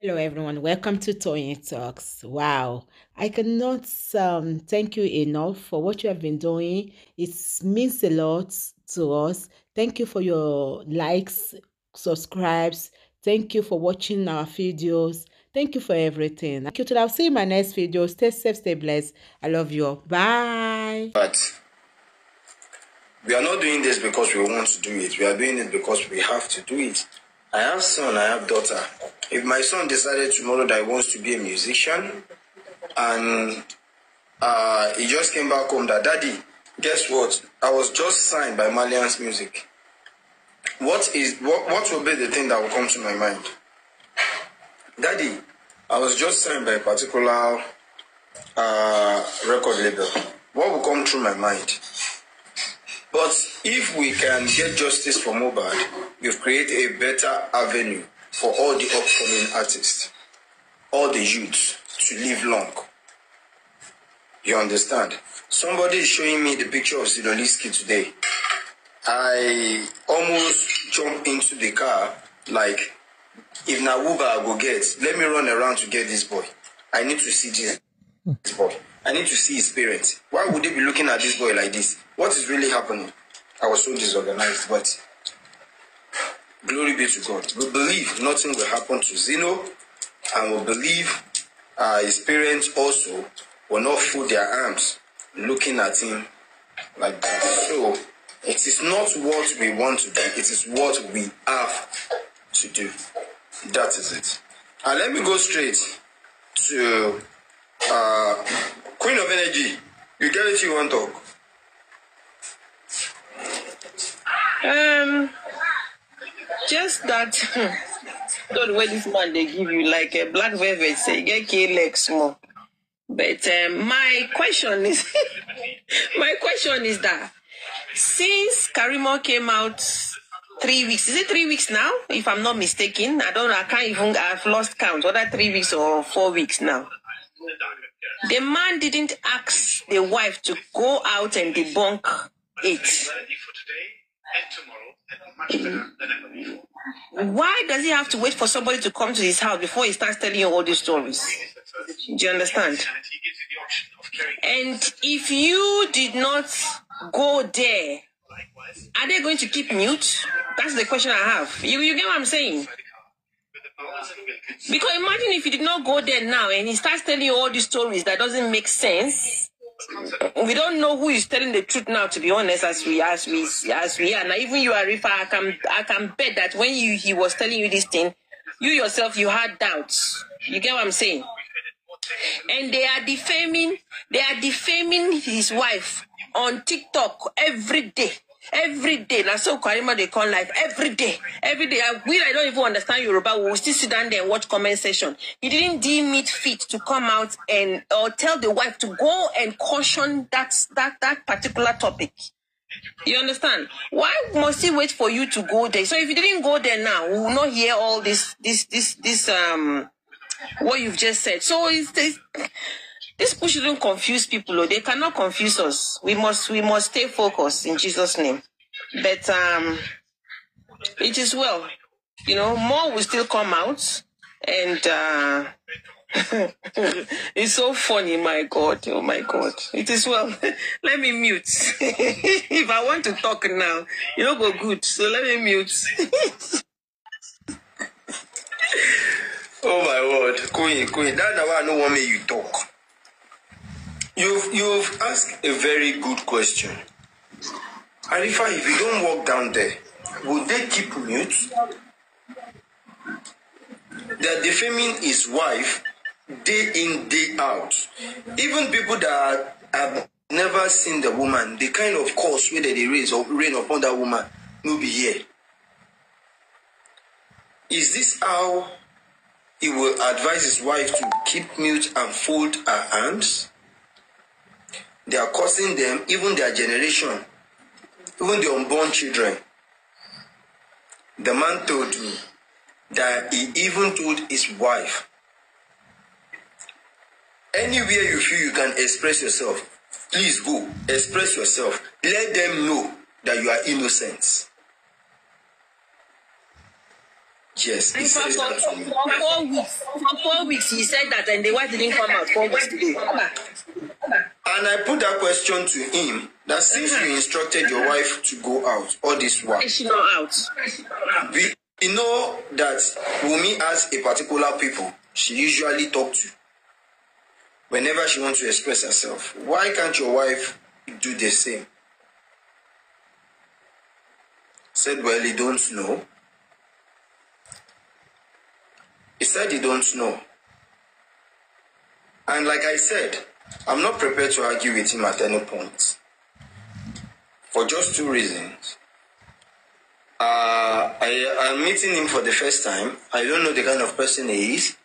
Hello, everyone. Welcome to Toyeen Talks. Wow, I cannot um, thank you enough for what you have been doing. It means a lot to us. Thank you for your likes, subscribes. Thank you for watching our videos. Thank you for everything. Thank you. Till I'll see you in my next video. Stay safe, stay blessed. I love you. Bye. But we are not doing this because we want to do it. We are doing it because we have to do it. I have son, I have daughter. If my son decided tomorrow that he wants to be a musician and uh, he just came back home that, Daddy, guess what? I was just signed by Malian's Music. What is what, what will be the thing that will come to my mind? Daddy, I was just signed by a particular uh, record label. What will come through my mind? But if we can get justice for Mohbad, we've created a better avenue for all the upcoming artists, all the youths to live long. You understand? Somebody is showing me the picture of Zidoliski today. I almost jump into the car like, if Nawuba Uber go get, let me run around to get this boy. I need to see this. I need to see his parents. Why would they be looking at this boy like this? What is really happening? I was so disorganized, but glory be to God. We believe nothing will happen to Zeno, and we believe uh, his parents also will not fold their arms looking at him like that. So it is not what we want to do, it is what we have to do. That is it. And let me go straight to uh, queen of energy, you get it, you want to talk. Um, just that. God, where this man they give you like a black velvet, say get key legs more. But um, my question is, my question is that since Karimo came out three weeks, is it three weeks now? If I'm not mistaken, I don't, I can't even, I've lost count. Whether three weeks or four weeks now. The man didn't ask the wife to go out and debunk it. Why does he have to wait for somebody to come to his house before he starts telling you all these stories? Do you understand? And if you did not go there, are they going to keep mute? That's the question I have. You, you get what I'm saying? Because imagine if you did not go there now and he starts telling you all these stories that doesn't make sense. We don't know who is telling the truth now, to be honest, as we as we as we are. Now even you Arifa, I can I can bet that when you he was telling you this thing, you yourself you had doubts. You get what I'm saying? And they are defaming they are defaming his wife on TikTok every day. Every day, now so Karima they call life. Every day, every day. I, will. I don't even understand Yoruba. We will still sit down there and watch comment section. He didn't deem it fit to come out and or tell the wife to go and caution that that that particular topic. You understand? Why must he wait for you to go there? So if you didn't go there now, we will not hear all this this this this um what you've just said. So it's, it's this push shouldn't confuse people. Or oh. they cannot confuse us. We must we must stay focused in Jesus' name. But um, it is well. You know, more will still come out, and uh, it's so funny, my God. Oh, my God. It is well. let me mute. if I want to talk now, you know, go good. So let me mute. oh, my word. Queen, Queen, that's why I don't want me you talk. You've, you've asked a very good question. Arifa, if you don't walk down there, would they keep mute? They are defaming his wife day in, day out. Even people that have never seen the woman, the kind of curse whether they raise or rain upon that woman, will be here. Is this how he will advise his wife to keep mute and fold her arms? They are causing them, even their generation, even the unborn children. The man told me that he even told his wife, anywhere you feel you can express yourself, please go, express yourself. Let them know that you are innocent. Yes, he said that for, for four weeks. For four weeks, he said that, and the wife didn't come out four weeks today. And I put that question to him that since you instructed your wife to go out all this while, is she not out? We, you know that Wumi has a particular people she usually talk to whenever she wants to express herself. Why can't your wife do the same? Said, well, he don't know. He said he don't know. And like I said, I'm not prepared to argue with him at any point for just two reasons. Uh, I, I'm meeting him for the first time. I don't know the kind of person he is.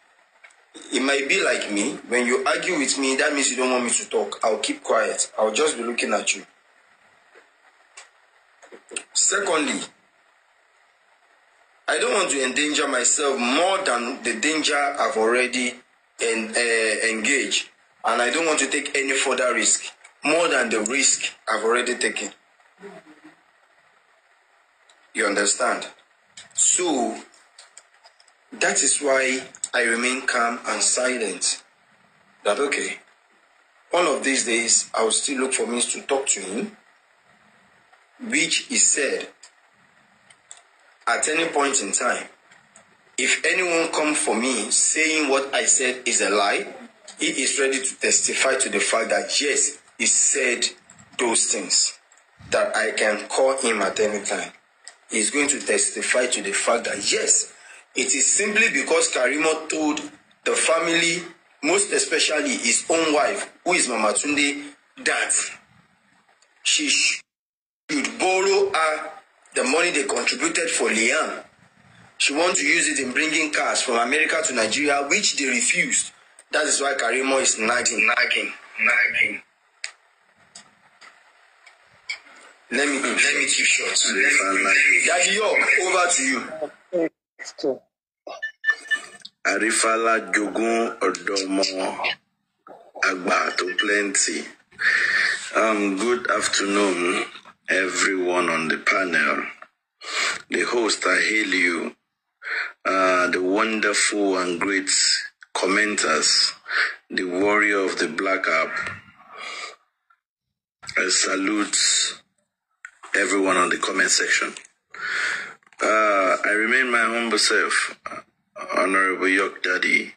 He might be like me. When you argue with me, that means you don't want me to talk. I'll keep quiet. I'll just be looking at you. Secondly, I don't want to endanger myself more than the danger I've already en- uh, engaged and I don't want to take any further risk more than the risk I've already taken. You understand? So that is why I remain calm and silent. That okay? One of these days, I will still look for means to talk to him, which he said at any point in time. If anyone come for me saying what I said is a lie, he is ready to testify to the fact that yes, he said those things that I can call him at any time. He is going to testify to the fact that yes, it is simply because Karimo told the family, most especially his own wife, who is Mama Tunde, that she should borrow her the money they contributed for Liam. She wants to use it in bringing cars from America to Nigeria, which they refused. That is why Karimo is nagging, nagging, nagging. Let me let me keep short. Yajiyo, over to you. Arifala jogún Odomo Agba to plenty. Um, good afternoon, everyone on the panel. The host, I hail you, uh, the wonderful and great commenters, the warrior of the black app. I salute everyone on the comment section. Uh, I remain my humble self, Honorable York Daddy,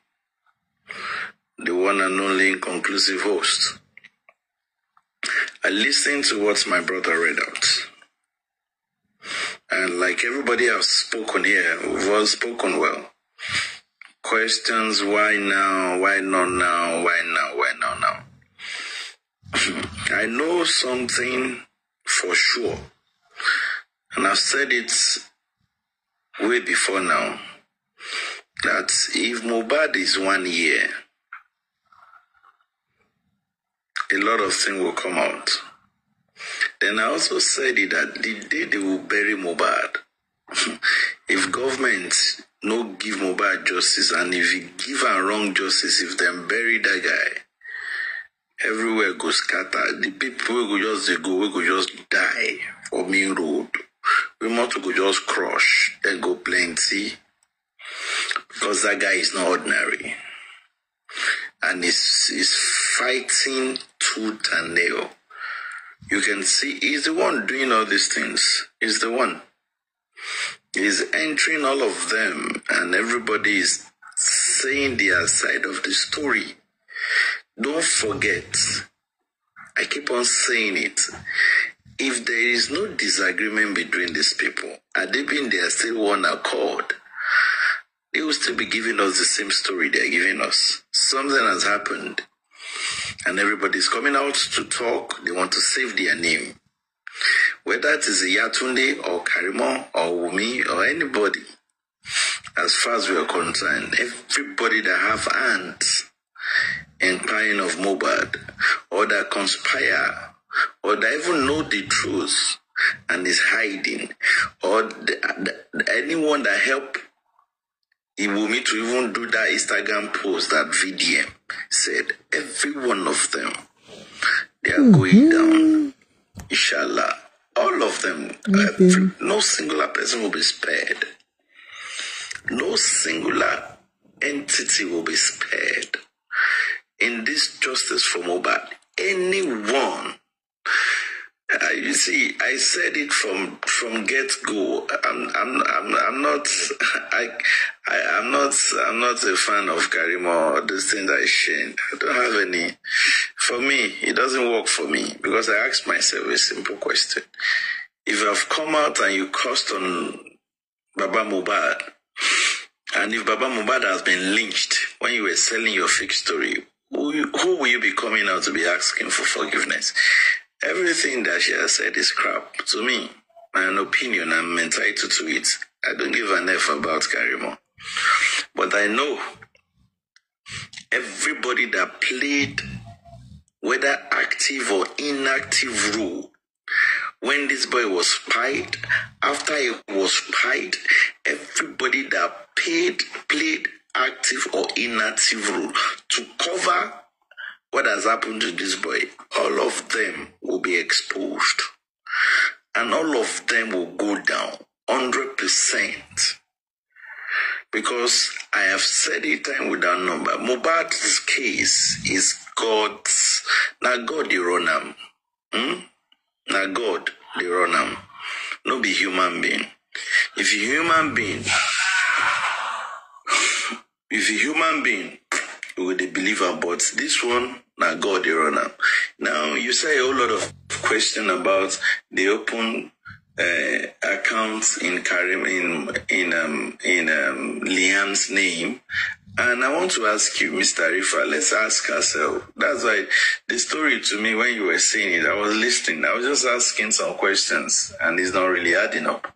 the one and only inconclusive host. I listened to what my brother read out. And like everybody I've spoken here, we've all spoken well questions why now, why not now, why now, why not now. I know something for sure, and I've said it way before now that if Mubad is one year, a lot of things will come out. Then I also said it that the day they will bury Mubad, if government no give mobile justice and if you give a wrong justice if them bury that guy everywhere go scatter The people will just go will just die for main road want to go just crush Then go plenty because that guy is not ordinary and he's fighting tooth and nail you can see he's the one doing all these things he's the one He's entering all of them, and everybody is saying their side of the story. Don't forget, I keep on saying it. If there is no disagreement between these people, and they being they are still one accord, they will still be giving us the same story they are giving us. Something has happened, and everybody is coming out to talk. They want to save their name whether it is Yatunde or Karim or Wumi or anybody, as far as we are concerned, everybody that have hands in crying of Mobad, or that conspire, or that even know the truth and is hiding, or the, the, anyone that help Iwumi to even do that Instagram post that VDM said, every one of them, they are mm -hmm. going mm-hmm. down. Inshallah. All of them. Uh, no singular person will be spared. No singular entity will be spared. In this justice for mobile. anyone uh, you see, I said it from from get go. I'm I'm I'm I'm not I, I am not I'm not a fan of Karimo or the thing that is Shane. I don't have any. For me, it doesn't work for me because I ask myself a simple question: If I've come out and you cursed on Baba Mubad, and if Baba Mubad has been lynched when you were selling your fake story, who, who will you be coming out to be asking for forgiveness? Everything that she has said is crap to me. My opinion, I'm entitled to it. I don't give an F about Karimo. But I know everybody that played, whether active or inactive role, when this boy was spied, after he was spied, everybody that paid, played active or inactive role to cover what has happened to this boy, all of them will be exposed. And all of them will go down 100%. Because I have said it time without number. Mubat's case is God's. Now God the run Hmm? Now God the run No be human being. If a human being, if a human being, you will believe about this one now God they Now you say a whole lot of question about the open uh, accounts in Karim in in um, in um, Liam's name. And I want to ask you, Mr. Rifa, let's ask ourselves. That's why the story to me, when you were saying it, I was listening. I was just asking some questions, and it's not really adding up.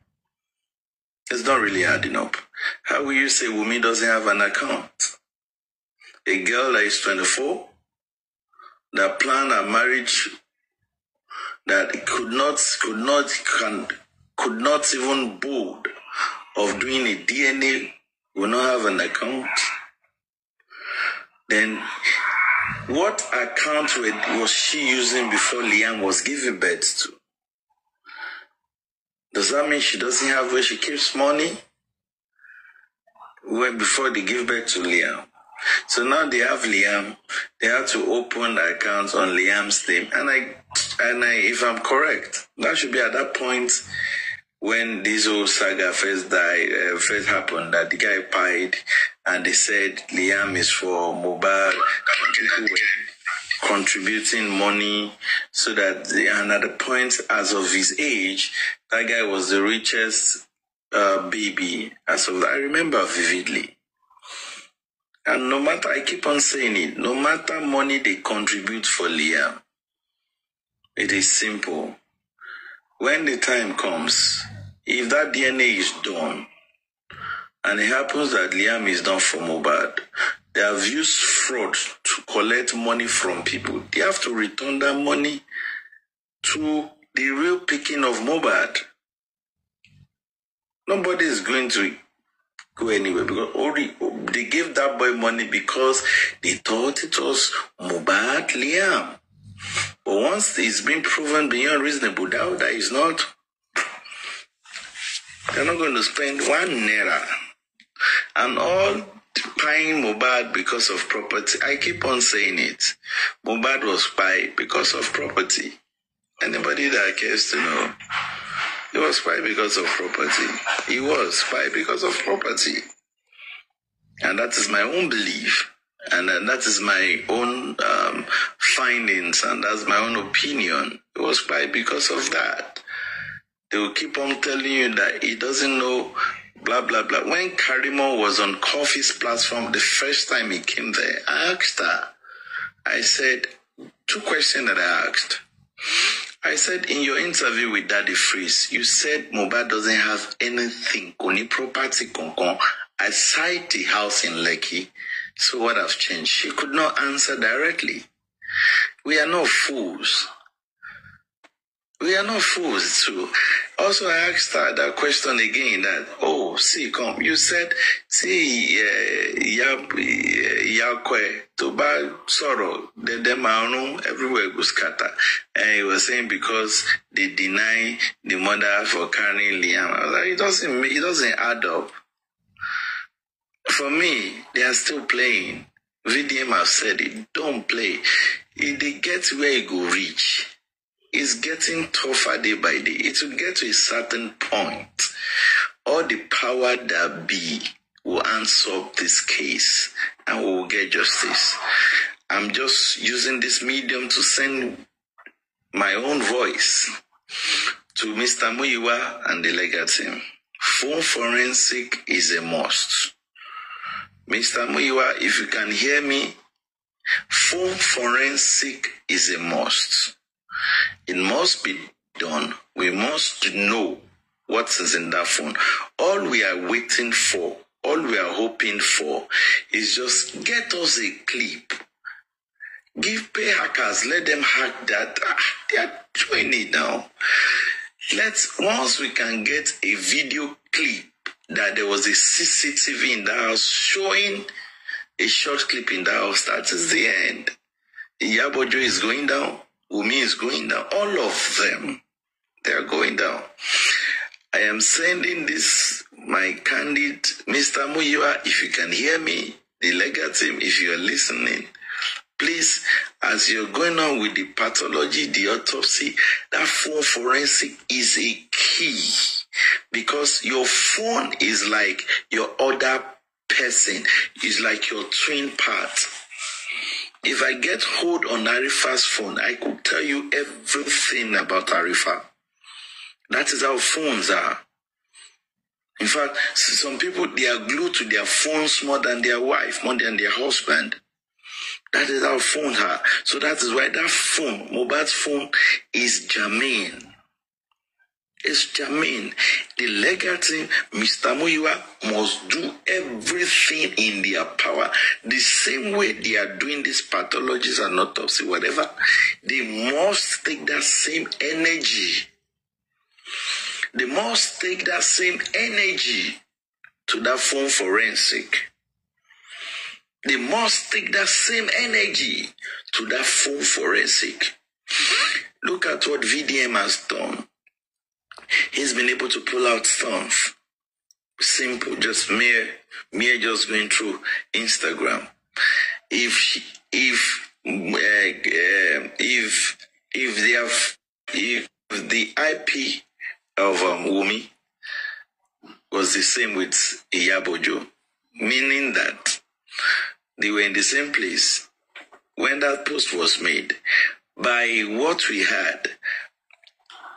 It's not really adding up. How will you say Wumi doesn't have an account? A girl that is 24 that planned a marriage that could not could not can could not even board of doing a DNA will not have an account. Then what account was she using before Liam was giving birth to? Does that mean she doesn't have where she keeps money? When before they give birth to Liam. So now they have Liam. They had to open the accounts on Liam's name. And I, and I, if I'm correct, that should be at that point when this whole saga first died, uh, first happened, that the guy pied and they said Liam is for Mobile. contributing money so that, the, and at the point as of his age, that guy was the richest uh, baby. As of, I remember vividly. And no matter, I keep on saying it, no matter money they contribute for Liam, it is simple. When the time comes, if that DNA is done, and it happens that Liam is done for Mobad, they have used fraud to collect money from people. They have to return that money to the real picking of Mobad. Nobody is going to go anywhere because already they gave that boy money because they thought it was Mubad Liam. But once it's been proven beyond reasonable doubt that it's not, they're not going to spend one naira. And all buying Mubad because of property. I keep on saying it. Mubad was spy because of property. Anybody that cares to know, he was spy because of property. He was spy because of property. And that is my own belief. And uh, that is my own um, findings. And that's my own opinion. It was why because of that. They will keep on telling you that he doesn't know blah blah blah. When Karimo was on Coffee's platform the first time he came there, I asked her, I said, two questions that I asked. I said in your interview with Daddy Freeze, you said Mobile doesn't have anything, only property, concon, I cite the house in Lekki, so what has changed? She could not answer directly. We are not fools. We are not fools. So also I asked her that question again that, oh, see, come, you said, see, eh, eh, to Toba, sorrow, the Demano, everywhere go scatter. And he was saying because they deny the mother for carrying Liam. I was like, it doesn't, it doesn't add up for me, they are still playing. VDM have said it. Don't play. If they get where go reach, it's getting tougher day by day. It will get to a certain point. All the power that be will answer this case and we will get justice. I'm just using this medium to send my own voice to Mr. Muiwa and the legal team. forensic is a must. Mr. Muiwa, if you can hear me, full forensic is a must. It must be done. We must know what is in that phone. All we are waiting for, all we are hoping for, is just get us a clip. Give pay hackers, let them hack that. Ah, they are doing it now. Let's once we can get a video clip that there was a CCTV in the house showing a short clip in the house. That is the end. Yabojo is going down. Umi is going down. All of them, they are going down. I am sending this, my candid Mr. Muyua, if you can hear me, the legal team, if you are listening, please, as you're going on with the pathology, the autopsy, that full forensic is a key because your phone is like your other person, is like your twin part. If I get hold on Arifa's phone, I could tell you everything about Arifa. That is how phones are. In fact, some people they are glued to their phones more than their wife, more than their husband. That is how phone are. So that is why that phone, mobile phone, is germane is germane. The legacy, Mr. Muiwa must do everything in their power. The same way they are doing these pathologies and autopsy, whatever, they must take that same energy. They must take that same energy to that phone forensic. They must take that same energy to that phone forensic. Look at what VDM has done he's been able to pull out stuff. Simple, just mere, mere just going through Instagram. If, if, uh, if, if they have, if the IP of um, Wumi was the same with Iyabojo, meaning that they were in the same place when that post was made. By what we had,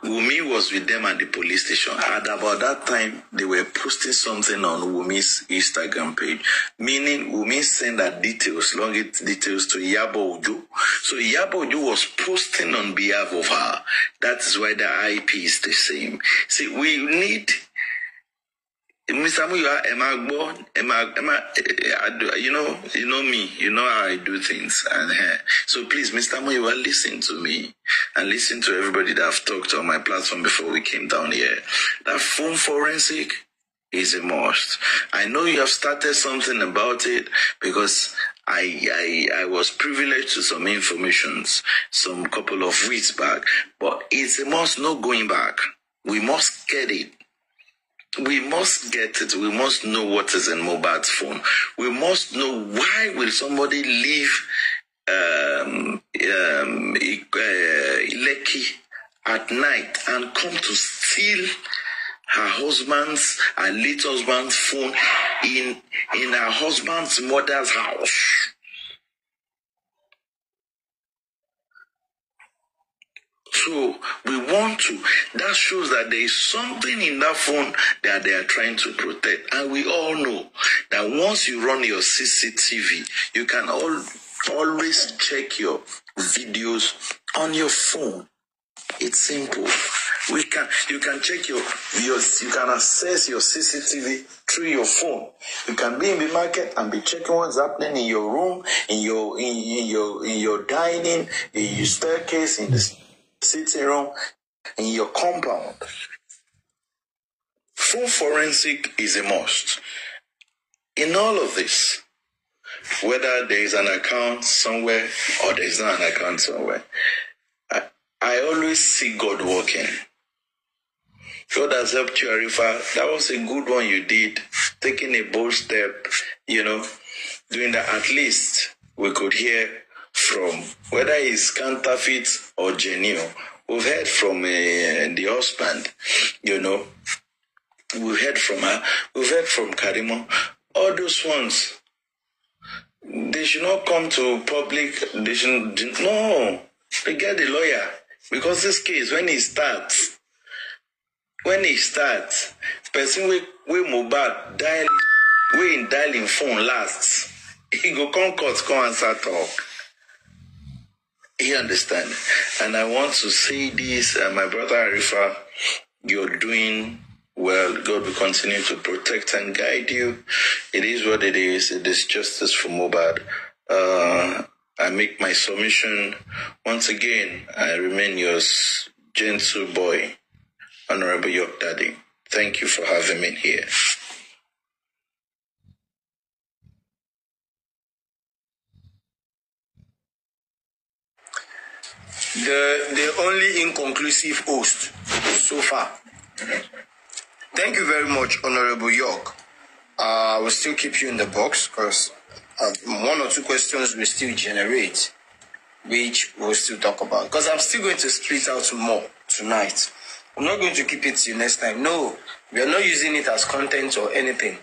Wumi was with them at the police station. At about that time, they were posting something on Wumi's Instagram page, meaning Wumi sent that details, long details to Yabo Uju. So Yabo Uju was posting on behalf of her. That is why the IP is the same. See, we need Mr. Muya, am I born? Am I, eh, eh, you know, you know me, you know how I do things. And uh, so please, Mr. are listen to me and listen to everybody that I've talked on my platform before we came down here. That phone forensic is a must. I know you have started something about it because I, I, I was privileged to some informations some couple of weeks back, but it's a must, no going back. We must get it we must get it. We must know what is in mobile phone. We must know why will somebody leave um, um, uh, at night and come to steal her husband's, her late husband's phone in in her husband's mother's house. so we want to. That shows that there is something in that phone that they are trying to protect. And we all know that once you run your CCTV, you can all, always check your videos on your phone. It's simple. We can you can check your, your you can assess your CCTV through your phone. You can be in the market and be checking what's happening in your room, in your in, in your in your dining, in your staircase, in the sitting room, in your compound. Full forensic is a must. In all of this, whether there is an account somewhere or there is not an account somewhere, I, I always see God working. God has helped you, Arifa. That was a good one you did. Taking a bold step, you know, doing that. At least we could hear from whether it's counterfeit or genuine. We've heard from uh, the husband, you know. We've heard from her. We've heard from Karimo. All those ones, they should not come to public. They should no. They get the lawyer because this case when it starts, when it starts, person we we mobile dial, we in dialing phone lasts. He go come court, come answer talk. You understand? And I want to say this, uh, my brother Arifa, you're doing well. God will continue to protect and guide you. It is what it is. It is justice for Mobad. Uh, I make my submission. Once again, I remain your gentle boy, Honorable York Daddy. Thank you for having me here. the, the only inconclusive host so far. Thank you very much, Honorable York. Uh, I will still keep you in the box because um, one or two questions we still generate, which we'll still talk about. Because I'm still going to split out more tonight. I'm not going to keep it till next time. No, we are not using it as content or anything.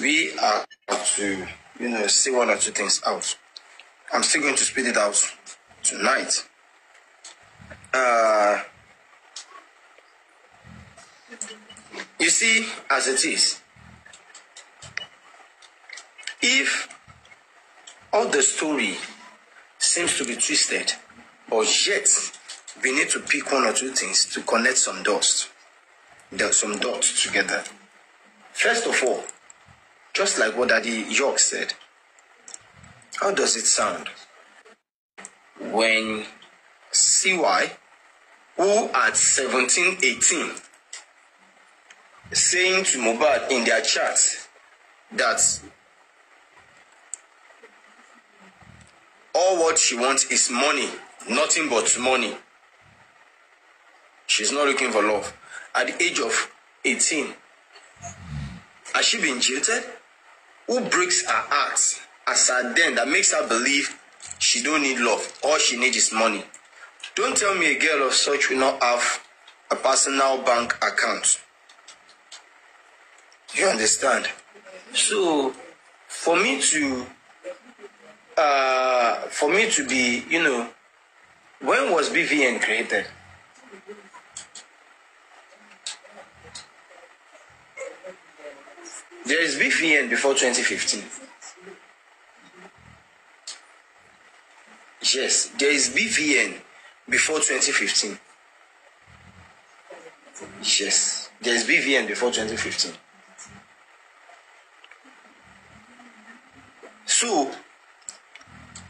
We are to, you know, see one or two things out. I'm still going to split it out tonight. Uh, you see as it is if all the story seems to be twisted or yet we need to pick one or two things to connect some dots some dots together first of all just like what daddy york said how does it sound when cy who at seventeen, eighteen, saying to Mohbad in their chat that all what she wants is money, nothing but money. She's not looking for love. At the age of eighteen, has she been jilted? Who breaks her heart as her den that makes her believe she don't need love, all she needs is money? Don't tell me a girl of such will not have a personal bank account. You understand? So, for me to, uh, for me to be, you know, when was BVN created? There is BVN before 2015. Yes, there is BVN before 2015. Yes, there's BVN before 2015. So,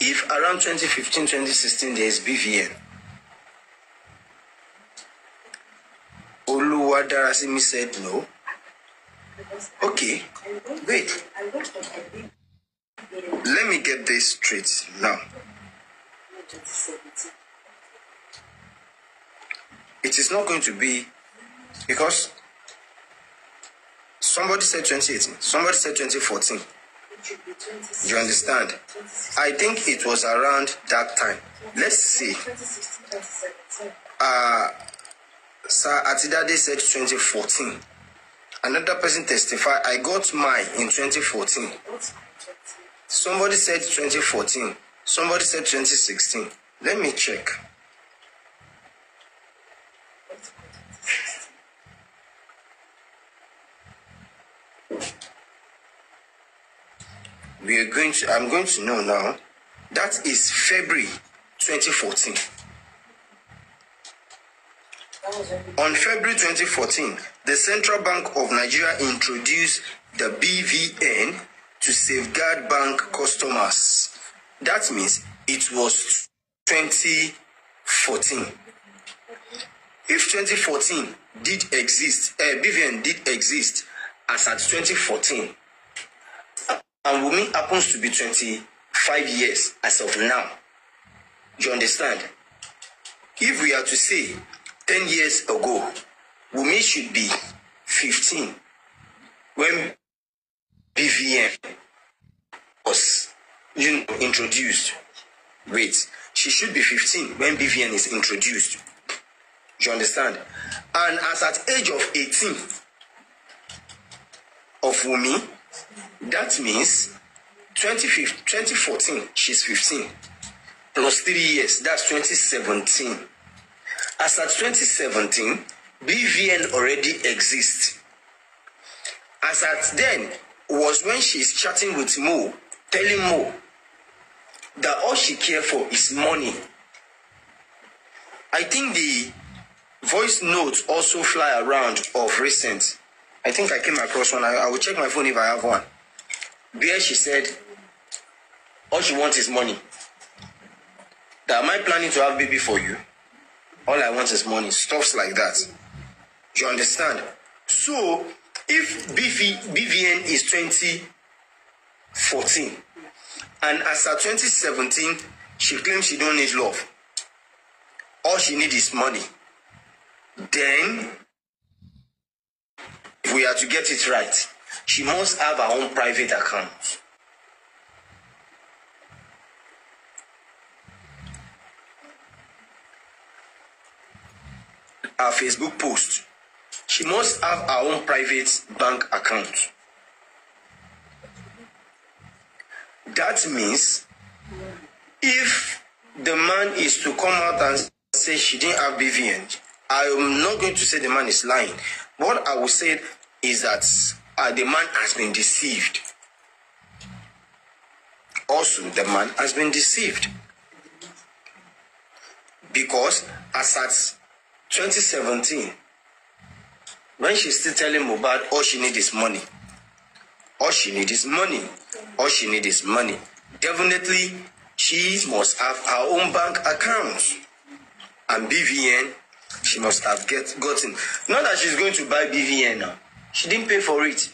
if around 2015 2016 there is BVN, Oluwadarasimi said no. Okay, wait. Let me get this straight now. It is not going to be because somebody said 2018, somebody said 2014. You understand? I think it was around that time. Let's see. Uh, Sir Atidade said 2014. Another person testified, I got mine in 2014. Somebody said 2014. Somebody said 2016. Let me check. we are going to i'm going to know now that is february 2014 on february 2014 the central bank of nigeria introduced the bvn to safeguard bank customers that means it was 2014 if 2014 did exist uh, eh, bvn did exist as at 2014 And Wumi happens to be 25 years as of now. You understand? If we are to say 10 years ago, Wumi should be 15 when BVM was you know, introduced. Wait, she should be 15 when BVN is introduced. You understand? And as at age of 18 of Wumi, That means 2014, she's 15. Plus three years, that's 2017. As at 2017, BVN already exists. As at then was when she's chatting with Mo, telling Mo that all she cared for is money. I think the voice notes also fly around of recent I think I came across one. I, I will check my phone if I have one. There she said, all she wants is money. That am I planning to have baby for you? All I want is money. Stuffs like that. You understand? So if BV, BVN is 2014 and as at 2017 she claims she don't need love all she need is money then we are to get it right, she must have her own private account. Her Facebook post. She must have her own private bank account. That means if the man is to come out and say she didn't have BVN, I am not going to say the man is lying. What I will say is that uh, the man has been deceived. Also, the man has been deceived. Because as at 2017, when she's still telling Mubad all she need is money, all she need is money, all she need is money, definitely she must have her own bank account and BVN she must have get gotten. Not that she's going to buy BVN now. She didn't pay for it.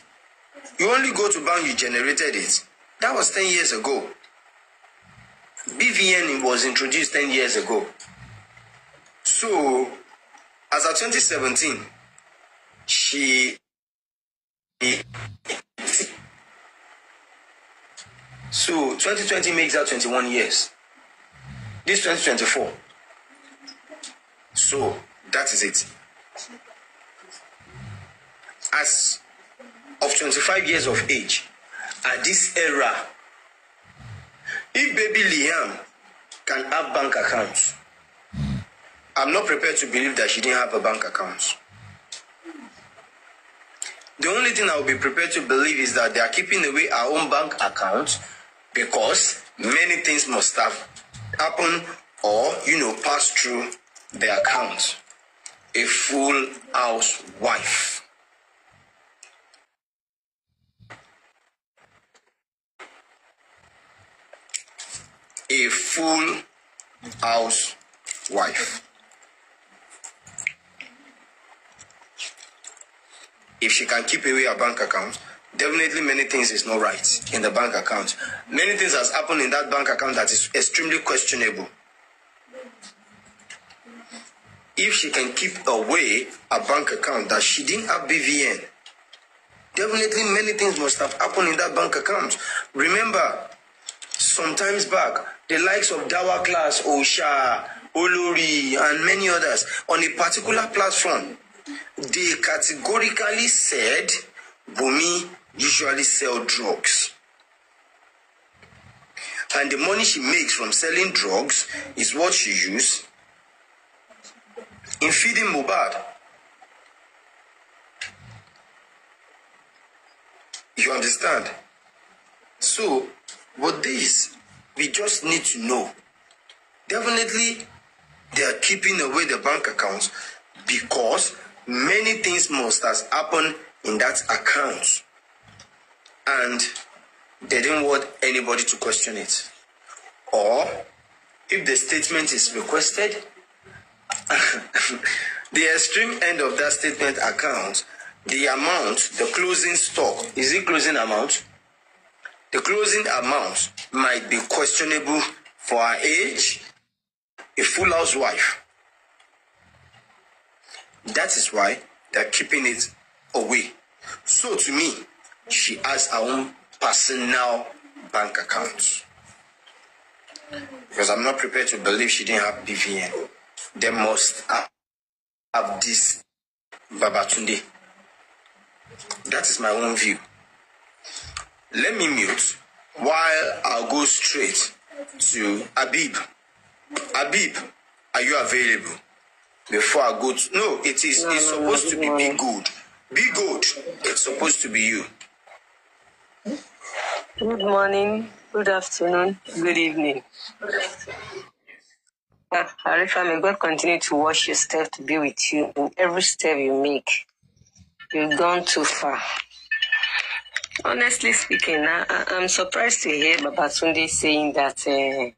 You only go to bank you generated it. That was 10 years ago. BVN was introduced 10 years ago. So, as of 2017, she. So, 2020 makes that 21 years. This 2024. So, that is it as of 25 years of age at this era if baby liam can have bank accounts i'm not prepared to believe that she didn't have a bank account the only thing i will be prepared to believe is that they are keeping away our own bank account because many things must have happened or you know passed through the account a full housewife a full housewife. If she can keep away her bank account, definitely many things is not right in the bank account. Many things has happened in that bank account that is extremely questionable. If she can keep away a bank account that she didn't have BVN, definitely many things must have happened in that bank account. Remember, sometimes back the likes of Dawa Class, Osha, Olori, and many others on a particular platform, they categorically said Bumi usually sell drugs. And the money she makes from selling drugs is what she uses in feeding Mubad. You understand? So But this, we just need to know. Definitely, they are keeping away the bank accounts because many things must have happened in that account. And they didn't want anybody to question it. Or if the statement is requested, the extreme end of that statement account, the amount, the closing stock, is it closing amount? The closing amount might be questionable for her age, a full housewife. That is why they're keeping it away. So to me, she has her own personal bank account. Because I'm not prepared to believe she didn't have BVN. They must have, have this Babatunde. That is my own view. Let me mute while I'll go straight to Abib. Abib, are you available? Before I go to, no, it is it's supposed to be be good. Be good. It's supposed to be you. Good morning, good afternoon, good evening. Ah, Arifa, may God continue to watch your step to be with you in every step you make. You've gone too far. Honestly speaking, I, am surprised to hear Babatunde saying that uh, eh,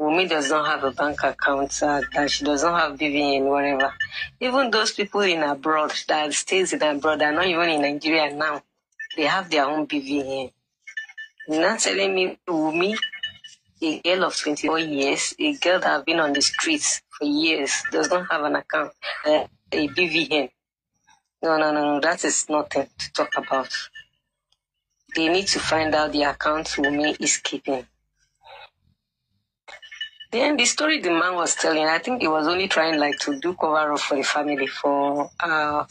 Wumi does not have a bank account, uh, that she does not have BVN, whatever. Even those people in abroad that stays in abroad are not even in Nigeria now. They have their own BVN. You're not telling me Wumi, a girl of 24 years, a girl that has been on the streets for years, does not have an account, uh, a BVN. No, no, no, no, that is nothing to talk about. They need to find out the account Wumi is keeping. Then the story the man was telling, I think he was only trying like to do cover up for the family, for uh,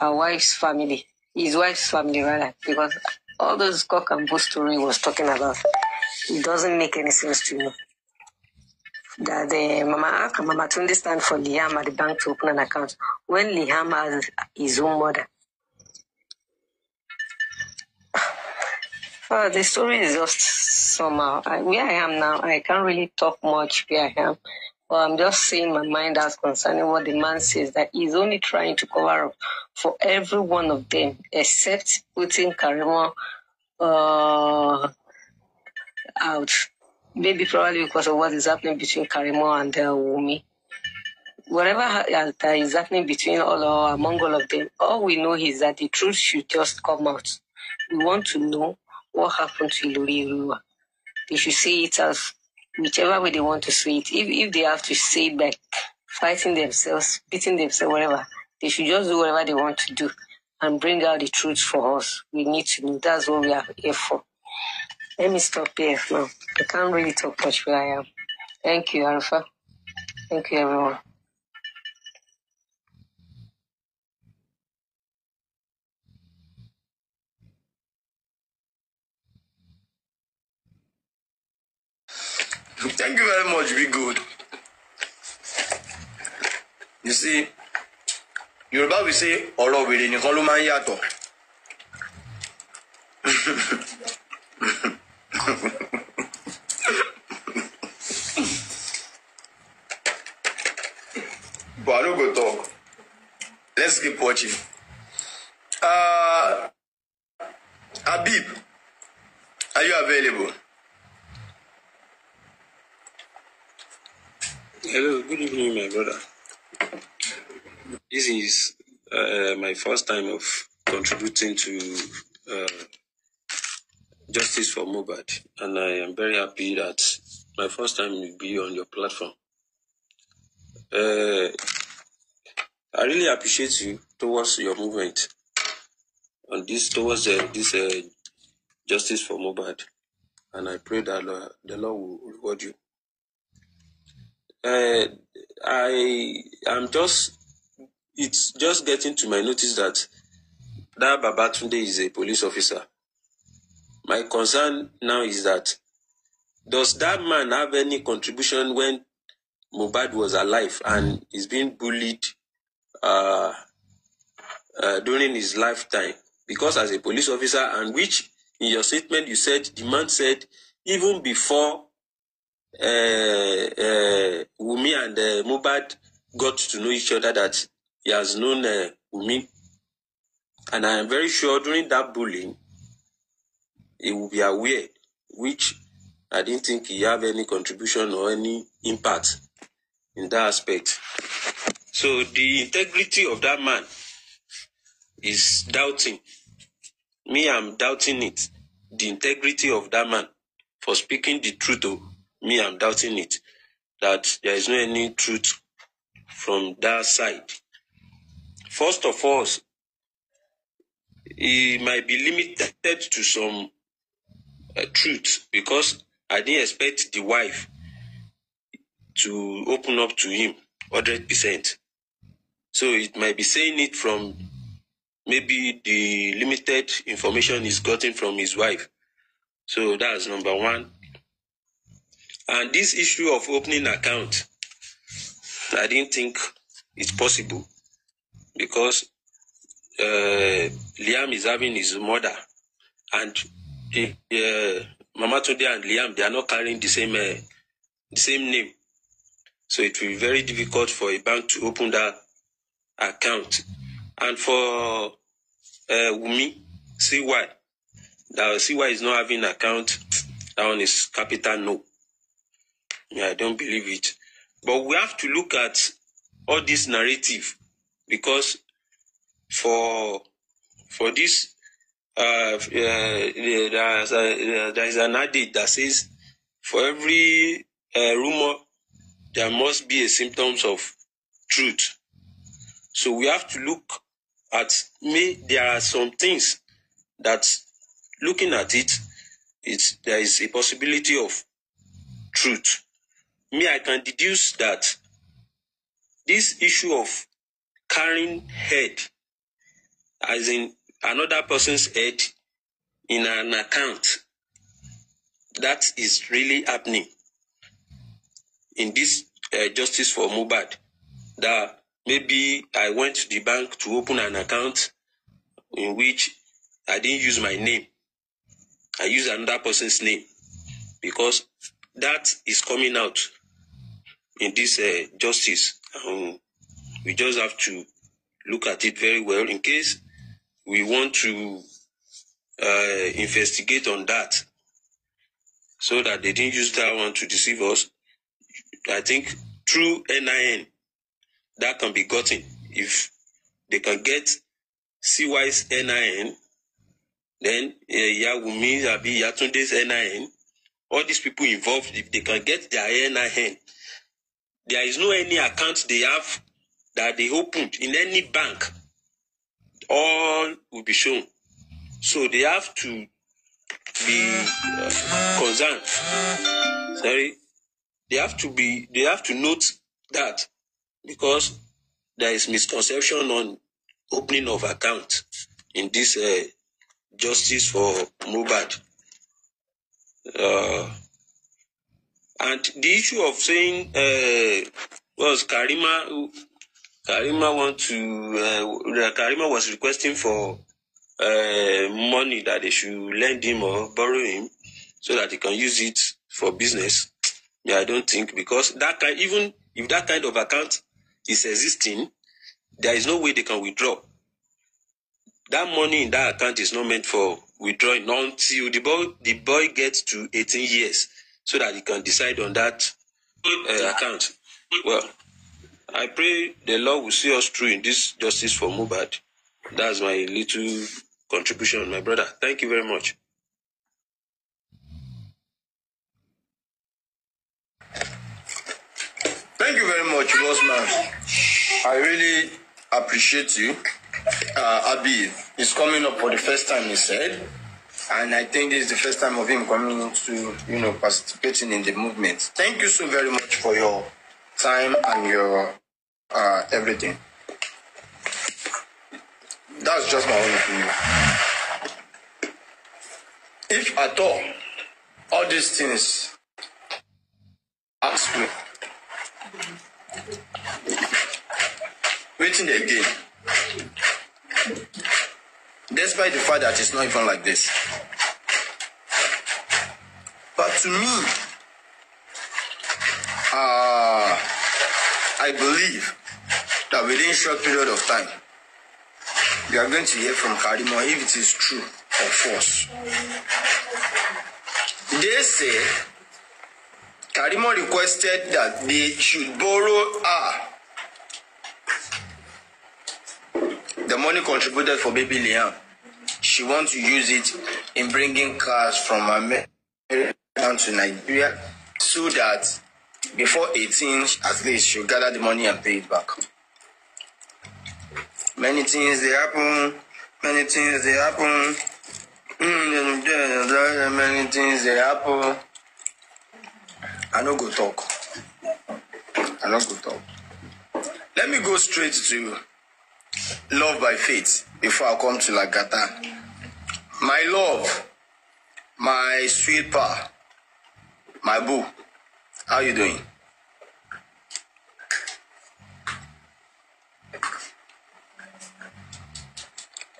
her wife's family, his wife's family rather, because all those cock and bull story he was talking about, it doesn't make any sense to me. That the Mama Ak, Mama Tunde stand for Liam at the bank to open an account when Liam has his own mother. the story is just somehow I, where I am now. I can't really talk much where I am, but I'm just saying my mind as concerning what the man says that he's only trying to cover up for every one of them except putting Karima uh, out. Maybe probably because of what is happening between Karima and uh, Wumi whatever uh, that is happening between all or among all of them, all we know is that the truth should just come out. We want to know what happened to Iluiruwa. They should see it as whichever way they want to see it. If, if they have to say back, fighting themselves, beating themselves, whatever, they should just do whatever they want to do and bring out the truth for us. We need to know. That's what we are here for. Let me stop here now. I can't really talk much where I am. Thank you, Alpha. Thank you, everyone. Thank you very much, be good. You see, Yorùbá will say ọ̀rọ̀ wèrè nìkan ló máa ń yàtọ̀. But I no go talk. Let's keep watching. first time of contributing to uh, justice for Mubad, and I am very happy that my first time will be on your platform. Uh, I really appreciate you towards your movement on this towards uh, this uh, justice for Mubad, and I pray that uh, the Lord will reward you. Uh, I am just it's just getting to my notice that that Babatunde is a police officer. My concern now is that does that man have any contribution when Mubad was alive and he's been bullied uh, uh, during his lifetime? Because as a police officer, and which in your statement you said, the man said, even before uh, uh, Wumi and uh, Mubad got to know each other, that He has known uh, Wumi. And I am very sure during that bullying, he will be aware, which I didn't think he have any contribution or any impact in that aspect. So the integrity of that man is doubting. Me, I'm doubting it. The integrity of that man for speaking the truth, to oh, me, I'm doubting it. That there is no any truth from that side. First of all, it might be limited to some uh, truth because I didn't expect the wife to open up to him 100%. So it might be saying it from maybe the limited information he's gotten from his wife. So that's number one. And this issue of opening account, I didn't think it's possible because uh, Liam is having his mother and uh, Mama Tunde and Liam they are not carrying the same uh, the same name so it will be very difficult for a bank to open that account and for uh, Wumi CY that CY is not having an account that one is capital no yeah, I don't believe it but we have to look at all this narrative because for for this uh, uh there is a, there is an adage that says for every uh, rumor there must be a symptoms of truth. So we have to look at me. There are some things that looking at it, it's there is a possibility of truth. Me, I can deduce that this issue of carrying head as in another person's head in an account that is really happening in this uh, justice for Mubad. that maybe I went to the bank to open an account in which I didn't use my name. I used another person's name because that is coming out in this uh, justice. Um, We just have to look at it very well in case we want to uh, investigate on that so that they didn't use that one to deceive us. I think through NIN, that can be gotten. If they can get CY's NIN, then uh, Yawumi, Abi, Yatunde's NIN, all these people involved, if they can get their NIN, there is no any account they have that they opened in any bank, all will be shown. So they have to be uh, concerned. Sorry, they have to be. They have to note that because there is misconception on opening of account in this uh, justice for Mubad. Uh, and the issue of saying uh, was Karima Karima want to uh, uh, Karima was requesting for uh, money that they should lend him or borrow him so that he can use it for business. Yeah, I don't think because that kind even if that kind of account is existing, there is no way they can withdraw. That money in that account is not meant for withdrawing until the boy the boy gets to 18 years so that he can decide on that uh, account. Well, I pray the Lord will see us through in this justice for Mubad. That's my little contribution, my brother. Thank you very much. Thank you very much, boss man. I really appreciate you. Uh, Abi is coming up for the first time, he said. And I think this is the first time of him coming into, you know, participating in the movement. Thank you so very much for your time and your uh, everything. That's just my own opinion. If at all, all these things, ask me. Waiting again. Despite the fact that it's not even like this. But to me, uh, I believe that within short period of time, you are going to hear from Karimo if it is true or false. They say Karimo requested that they should borrow her the money contributed for baby Liam. She wants to use it in bringing cars from America down to Nigeria so that before 18, at least she'll gather the money and pay it back. Many things they happen. Many things they happen. Hmm, Many things they happen. I no go talk. I no go talk. Let me go straight to love by faith before I come to Lagata. My love, my sweet pa, my boo. How you doing?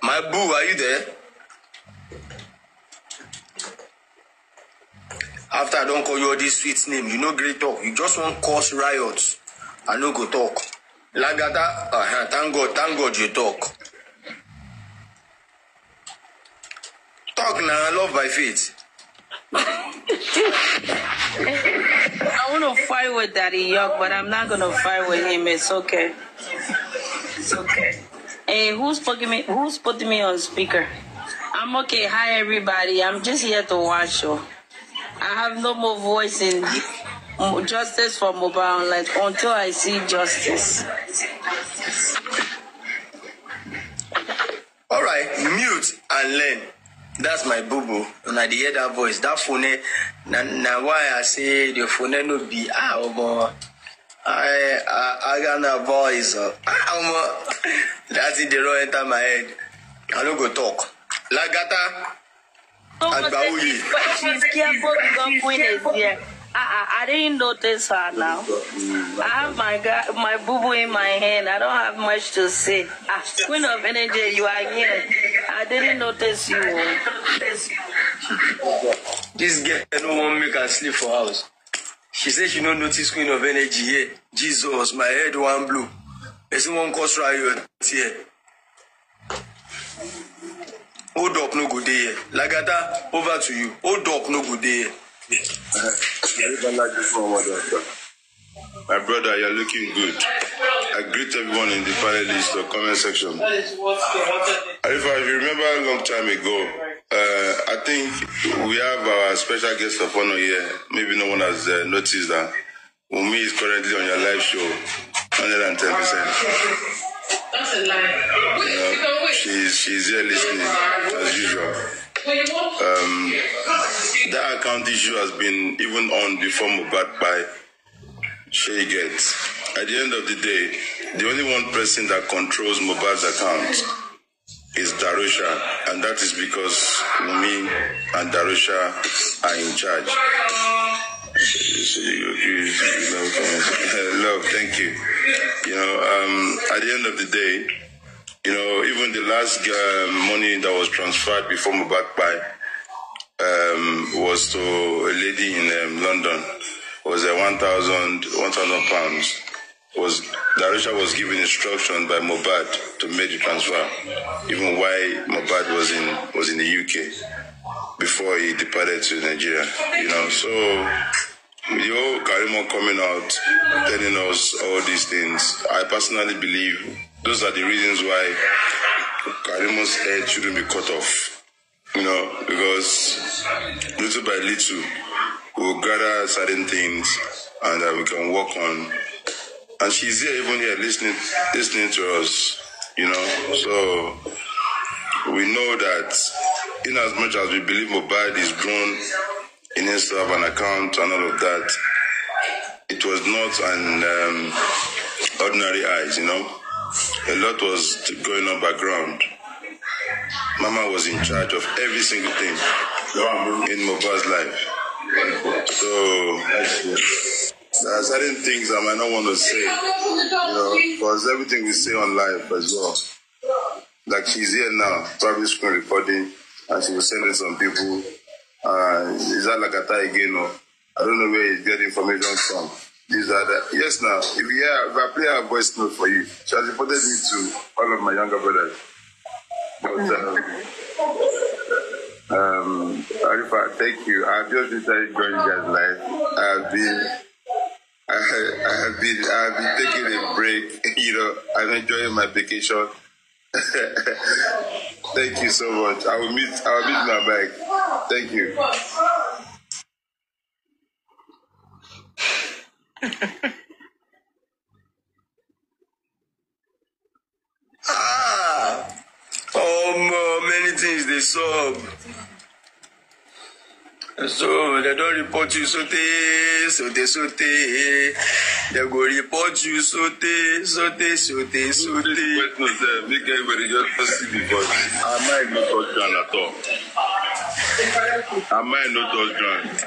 My boo, are you there? After I don't call you all this sweet name, you know great talk. You just want cause riots. I no go talk. Lagata, uh-huh. thank God, thank God you talk. Talk now, love by feet. I want to fight with Daddy York, but I'm not going to fight with him. It's okay. It's okay. Hey, who's putting me? Who's putting me on speaker? I'm okay. Hi, everybody. I'm just here to watch you. I have no more voice in justice for mobile like until I see justice. All right, mute and learn. That's my boo boo. And I hear that voice. That phone. Now, why I say the phone no be ah, oh, I, I, I got no voice. Ah, I'm a, that's it, the law enter my head. I don't go talk. Lagata. Oh, Agbawuyi. She's careful because Queen is here. I, I, I didn't notice her now. I have my God, my boo boo in my hand. I don't have much to say. Ah, Queen of Energy, you are here. I didn't notice you. This girl don't want me to sleep for house she say she no notice queen of energy here jesus my head wan blow person wan cause riot here hold up no good day. lagata over to you hold up no good day. my brother you're looking good i greet everyone in the panelist or comment section if you remember a long time ago Uh, I think we have our special guest of honor here. Maybe no one has uh, noticed that. Umi is currently on your live show, 110%. That's a lie. Wait, she's, she's here listening, as usual. Um, that account issue has been even on before Mubad by Shayget. At the end of the day, the only one person that controls Mubad's account is Darusha, and that is because me and Darusha are in charge. love, thank you. You know, um, at the end of the day, you know, even the last uh, money that was transferred before my by um, was to a lady in um, London. It was uh, 1,000 pounds was Darusha was given instruction by Mobad to make the transfer, even while Mobad was in was in the UK before he departed to Nigeria. You know, so the whole Karimo coming out, telling us all these things, I personally believe those are the reasons why Karimo's head shouldn't be cut off. You know, because little by little, we'll gather certain things and that uh, we can work on and she's here even here listening listening to us. You know, so we know that in as much as we believe Mobile is grown in of an account and all of that, it was not an um, ordinary eyes, you know. A lot was going on background. Mama was in charge of every single thing in Mobile's life. So There are certain things I might not want to say, you know, because everything we say on live as well. Like she's here now, probably screen recording, and she was sending some people. Uh, is that Lagata again? Or I don't know where he's getting information from. These are the, yes, now if you have, if I play her voice note for you, she has reported me to all of my younger brothers. But, um, um, Arifa, thank you. I've just literally joined you guys live. I've been I have, I have been I have been taking a break. You know, I'm enjoying my vacation. Thank you so much. I will meet I will meet my bag. Thank you. ah, oh, many things they saw. So they don't report you sote, sote, sote. They go report you sote, sote, sote, sote. Wait no sir, make everybody just see the body. Our mind no touch ground at all. Am I no touch ground.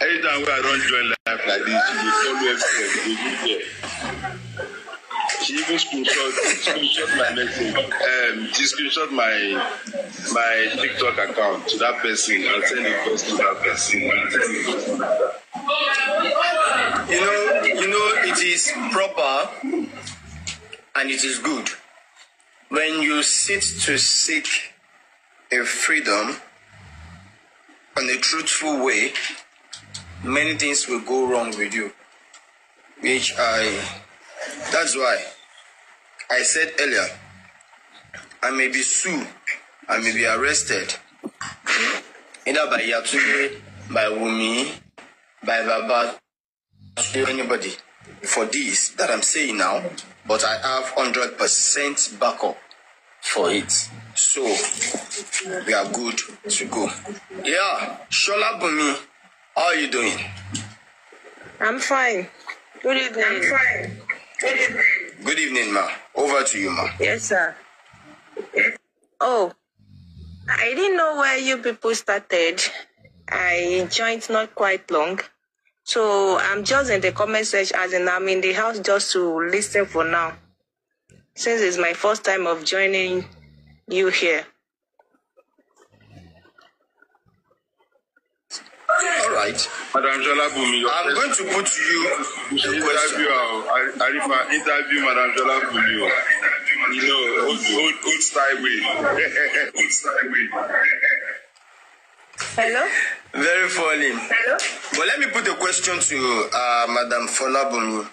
Anytime wey I don join life like this, you dey follow everywhere, you dey do there. She even screenshot, screenshot my message. Um, she screenshot my my TikTok account to that person and send it first to that person You know, you know, it is proper and it is good when you sit to seek a freedom in a truthful way. Many things will go wrong with you, which I That's why I said earlier, I may be sued, I may be arrested, either by Yatunde, by Wumi, by Baba, anybody for this that I'm saying now, but I have 100% backup for it. So we are good to go. Yeah, Shola Bumi, how are you doing? I'm fine. Good evening. I'm fine. Good evening. Good evening, ma. Over to you, ma. Yes, sir. Oh, I didn't know where you people started. I joined not quite long. So I'm just in the comment section, as in I'm in the house just to listen for now. Since it's my first time of joining you here. right? Madam Jolabumi, I'm going to put you the question. Arifa, interview Madam Jolabumi. Oh. You know, old, old, old style way. old style way. Hello? Very funny. Hello? But let me put a question to uh, Madam Folabumi.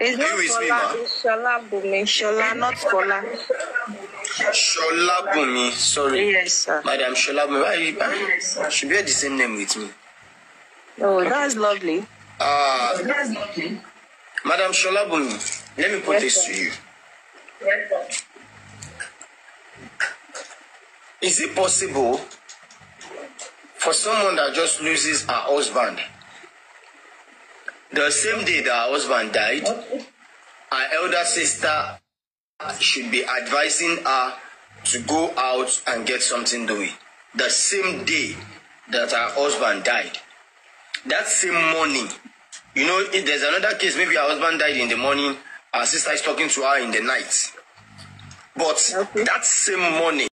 It's not Who is me, ma? It's Shalabumi. Shola, not Fola. Sholabumi, sorry. Yes, sir. Madam Sholabumi, why you yes, She bear the same name with me. Oh, that's lovely. Ah. Uh, that's lovely. Madam Sholabumi, let me put yes, this sir. to you. Yes, Is it possible for someone that just loses her husband? The same day that her husband died, her elder sister should be advising her to go out and get something doing. The same day that her husband died, that same morning, you know, if there's another case, maybe her husband died in the morning, her sister is talking to her in the night. But okay. that same morning,